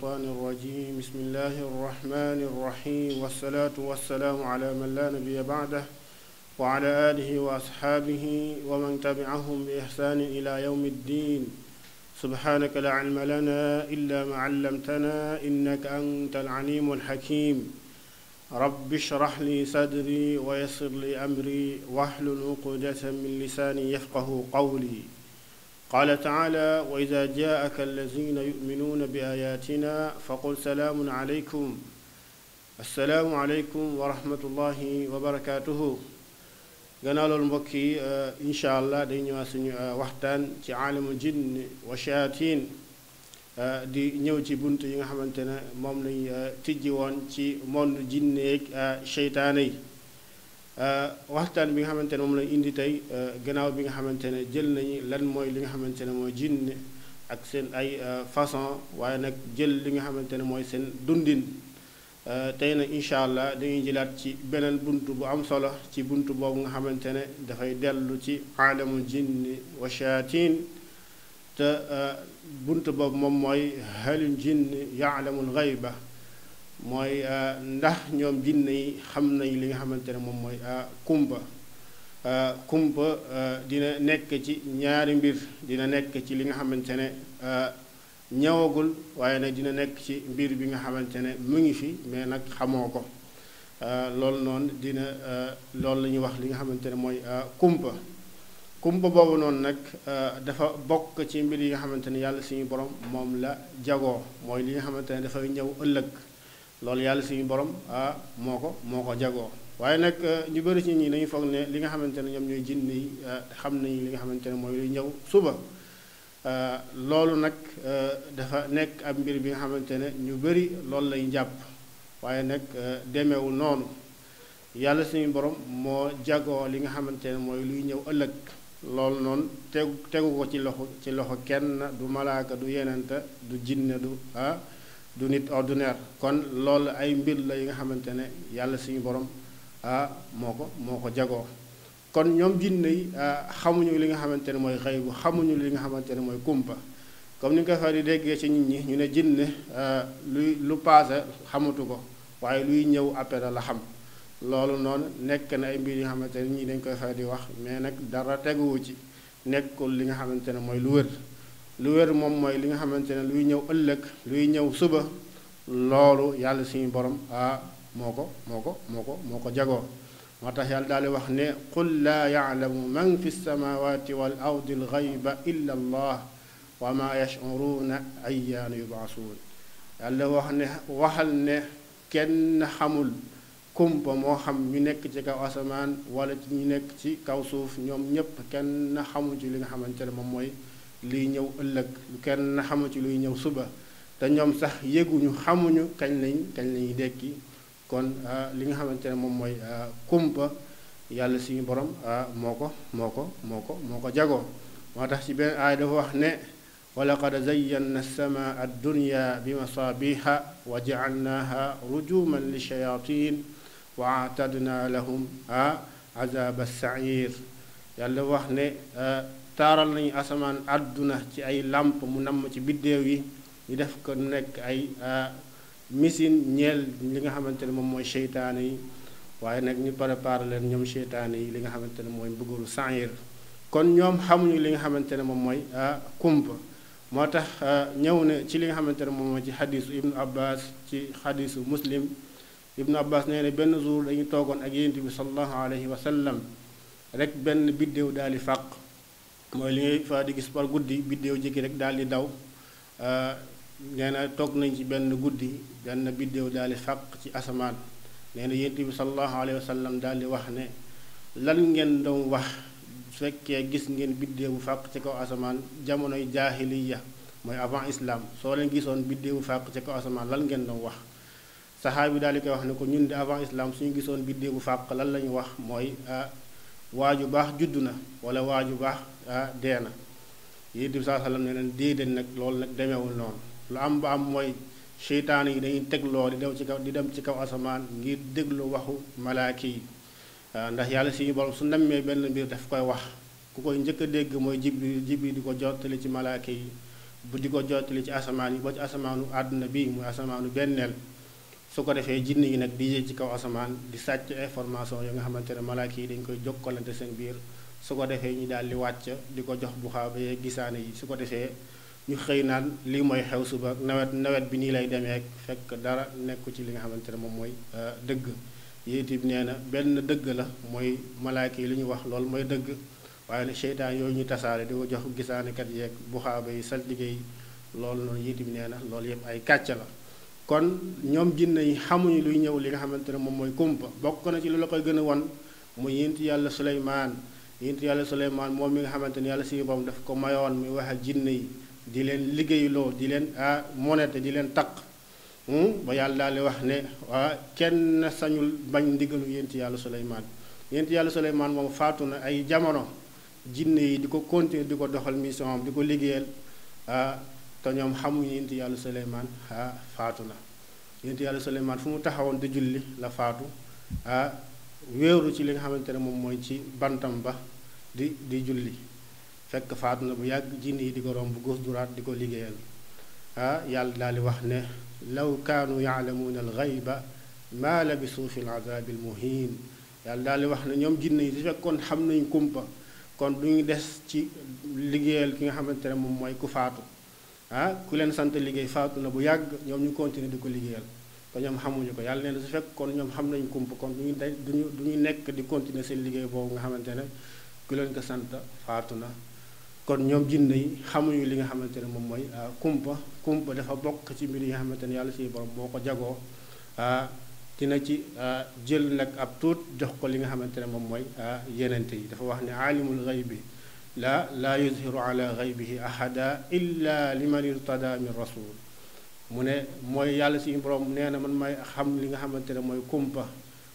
الشيطان الرجيم بسم الله الرحمن الرحيم والصلاة والسلام على من لا نبي بعده وعلى آله وأصحابه ومن تبعهم بإحسان إلى يوم الدين سبحانك لا علم لنا إلا ما علمتنا إنك أنت العليم الحكيم رب اشرح لي صدري ويسر لي أمري واحلل عقدة من لساني يفقه قولي قال تعالى وإذا جاءك الذين يؤمنون بآياتنا فقل سلام عليكم السلام عليكم ورحمة الله وبركاته gannaaw loolu mbokk yi euh, incha allah day ñëwaat suñu euh, waxtaan ci aalamu jinn wa shayatin euh, di ñëw ci bunt yi nga xamante ne moom lañ tijji woon ci monde jinneeg seytaane yi Euh, waxtaan bi nga xamante ne moom lañ indi tey euh, gannaaw bi nga xamante ne jël nañu lan mooy li nga xamante ne mooy jinne ak seen ay euh, façon waaye nag jël li nga xamante ne mooy seen dundin tey nag incha allah dañuy jëlaat ci beneen bunt bu am solo ci bunt boobu nga xamante ne dafay dellu ci aalamu jinni wa shayatin te bunt boobu moom mooy halul jinni yaalamul gayba mooy euh, ndax ñoom jinne yi xam nañ li nga xamante ne moom mooy euh, kumpa euh, kumpa dina nekk ci ñaari mbir dina nekk ci li nga xamante ne ñëwagul waaye nag dina nekk ci mbir bi nga xamante ne mu ngi fi mais nag xamoo ko loolu noonu dina loolu la ñuy wax li nga xamante ne mooy kumpa kumpa boobu noonu nag dafa bokk ci mbir yi nga xamante ne yàlla suñu borom moom la jagoo mooy li nga xamante ne dafay ñëw ëllëg loolu yàlla suñu borom ah moo ko moo ko jagoo waaye nag euh, ñu bari si ñi dañuy foog ne li nga xamante ne ñoom ñooy jinne yi euh, xam nañu li nga xamante ne mooy luy ñëw suba euh, loolu nag dafa nekk ab mbir bi nga xamante ne ñu bëri loolu lañ jàpp waaye nag demeewul noonu yàlla suñu borom moo jagoo li nga xamante ne mooy luy ñëw ëllëg loolu noonu tegu tegu ko ci loxo ci loxo kenn du malaaka du yenente du jinne du ah du nit ordinaire kon loolu ay mbir la yi nga xamante ne yàlla suñu borom ah moo ko moo ko jagoo kon ñoom jinne yi xamuñu li nga xamante ne mooy xëy bu xamuñu li nga xamante ne mooy kumpa comme ni nga ko di déggee ci nit ñi ñu ne jinne luy lu paase xamatu ko waaye luy ñëw après la xam loolu noonu nekk na ay mbir yi nga xamante ne ñii dañ koy fay di wax mais nag dara teguwu ci nekkul li nga xamante ne mooy lu wër lu wér moom mooy li nga xamante ne luy ñëw ëllëg luy ñëw suba loolu yàlla suñu borom ah moo ko moo ko moo ko moo ko jagoo moo tax yàlla daal di wax ne qul laa yaalamu man fi lsamawati wal ardi alxayba illa allah wa ma yashuruuna ayaana yubaasuun yàlla wax ne waxal ne kenn xamul kumpa moo xam ñu nekk ci kaw asamaan wala ñu nekk ci kaw suuf ñoom ñépp kenn xamul ci li nga xamante ne moom mooy liy ñëw ëllëg lu kenn na xamu ci luy ñëw suba te ñoom sax yëguñu xamuñu kañ lañ kañ lañuy dekki kon ah, li nga xamante ne moom mooy ah, kumpa yàlla suñu borom ah, moo ko moo ko moo ko moo ko jagoo moo tax ci benn aaya dafa wax ne wa laqad zayyana as-samaa ad-dunya bi masaabiha wa ja'alnaaha rujuman li shayatin wa aatadna lahum azaba as-sa'ir yàlla wax ne euh, taaral nañu asamaan àdduna ci ay làmp mu namm ci biddéew yi ñu def ko nekk ay euh, misin ñeel li nga xamante ne moom mooy seytaane yi waaye nag ñu préparé leen ñoom seytaane yi li nga xamante ne mooy mbuggalu sànir kon ñoom xamuñu li nga xamante ne moom mooy euh, kumpa moo tax ñëw ne ci li nga xamante ne moom mooy ci xadisu ibnu abbas ci xadisu muslim ibnu abbas nee ne benn jour dañu toogoon ak yént bi sallallahu alayhi wa sallam rek benn biddéew daal di fàq mooy li ngay fa di gis par guddi biddéew jékki rek daal di daw nee na toog nañ ci benn guddi benn biddéew daal di fàq ci asamaan nee na yonent bi sallallahu alayhi wa sallam daal di wax ne lan ngeen doom wax su fekkee gis ngeen biddéew bu fàq ci kaw asamaan jamonoy jaahiliya mooy avant islam soo leen gisoon biddéew bu fàq ci kaw asamaan lan ngeen doon wax saxaar bi daal di koy wax ne ko ñun de avant islam suñu gisoon biddéew bu fàq lan la wax mooy waa ju baax juddu na wala ju baax ah dee na yonent bi saa sallam ne leen déedéet nag loolu nag demeewul noonu lu am bu am mooy seytaane yi dañuy tegloo di dem ci kaw di dem ci kaw asamaan ngir déglu waxu malaaka yi ah, ndax yàlla suñu borom su nammee benn mbir daf koy wax ku koy njëkk dégg mooy jibril jibril di ko jottali ci malaaka yi bu di ko jottali ci asamaan yi ba ci asamaanu àdduna bi muy asamaanu benneel su ko defee jinne yi nag di yéeg ci kaw asamaan di sàcc information yi nga xamante ne malaaka yi dañ koy jokkalante seen biir su ko defee ñu daal di wàcc di ko jox buxaaba yeeg gisaane yi su ko defee ñu xëy naan lii mooy xew suba nawet nawet bi nii lay demee fekk dara nekku ci li nga xamante ne moom mooy euh, dëgg yéeti bi nee na benn dëgg la mooy malaaka yi li ñu wax loolu mooy dëgg waaye ne seytaan yooyu ñu tasaare di ko jox gisaanekat yeeg buxaaba yi saltige yi loolu noonu yéeti bi nee na loolu yëpp ay kàcc la kon ñoom jinne yi xamuñu luy ñëw li nga xamante ne moom mooy kumpa bokk na ci lu la koy gën a wan mu yént yàlla suleymaan yént yàlla suleymaan moom mi nga xamante ne yàlla suñu borom daf ko mayoon muy wax ak jinne yi di leen liggéeyloo di leen ah monete di leen taq hmm? ba yàlla daal di wax ne waa kenn sañul bañ ndigalu yént yàlla suleymaan yént yàlla suleymaan moom faatu na ay jamono jinne yi di ko continuer di ko doxal mission am di ko liggéeyal ah, te ñoom xamuñu yonent yàlla Suleymaan ah faatu na yonent yàlla Suleymaan fu mu taxawoon di julli la faatu ah wéeru ci li nga xamante ne moom mooy ci bantam ba di di julli fekk faatu na bu yàgg jinn yi di ko romb góos duraat di ko liggéeyal ah yàlla daal di wax ne law kaanu yaalamuuna alxayba maa labisu fi alazaabi almuhiin yàlla daal di wax ne ñoom jinn xam nañ kumpa kon duñu des ci liggéeyal ki nga xamante ne moom mooy ku faatu ah ku leen sant liggéey faatu na bu yàgg ñoom ñu continuer di ko liggéeyal te ñoom xamuñu ko yàlla nee na su fekk kon ñoom xam nañ kump kon duñu de du ñu nekk di continuer seen liggéey boobu nga xamante ne ku leen ko sant faatu na kon ñoom jinne yi xamuñu li nga xamante ne moom mooy ah, kumpa kumpa dafa bokk ci mbir yi nga xamante ne yàlla si borom moo ko jagoo ah, dina ci ah, jël nag ab tuut jox ko li nga xamante ne moom mooy yenente yi dafa wax ne aalimul gaybi la laa yuzhiru ala gaybihi ahada illa liman irtada min mu ne mooy yàlla suñu borom nee na mën may xam li nga xamante ne mooy kumpa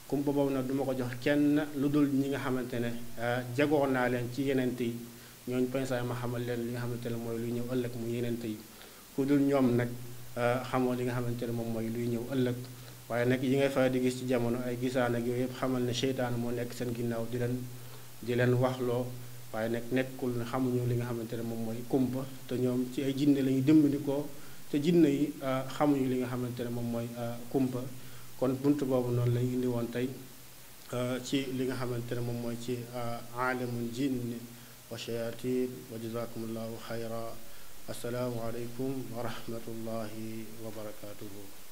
kumpa boobu nag duma ko jox kenn lu dul ñi nga xamante ne ah, jagoo naa leen ci yenente yi ñooñu pensaay ma xamal leen li nga xamante ne mooy luy ñëw ëllëg mu yenente yi ku dul ñoom nag ah, xamoo li nga xamante ne moom mooy luy ñëw ëllëg waaye nag yi ngay fay di gis ci jamono ay gisaan ak yooyu yëpp xamal ne seytaan moo nekk seen ginnaaw di leen di leen waxloo waaye nag nekkul ne xamuñu li nga xamante ne moom mooy kumpa te ñoom ci ay jinne la ñu dimbandikoo te jinne yi euh, xamuñu li nga xamante ne moom mooy euh, kumpa kon bunt boobu noonu lañu indi woon tey euh, ci li nga xamante ne moom mooy ci aalamul jinni wa shayatin wa jazakumullahu xayra assalaamu aleykum wa rahmatullahi wa barakatuhu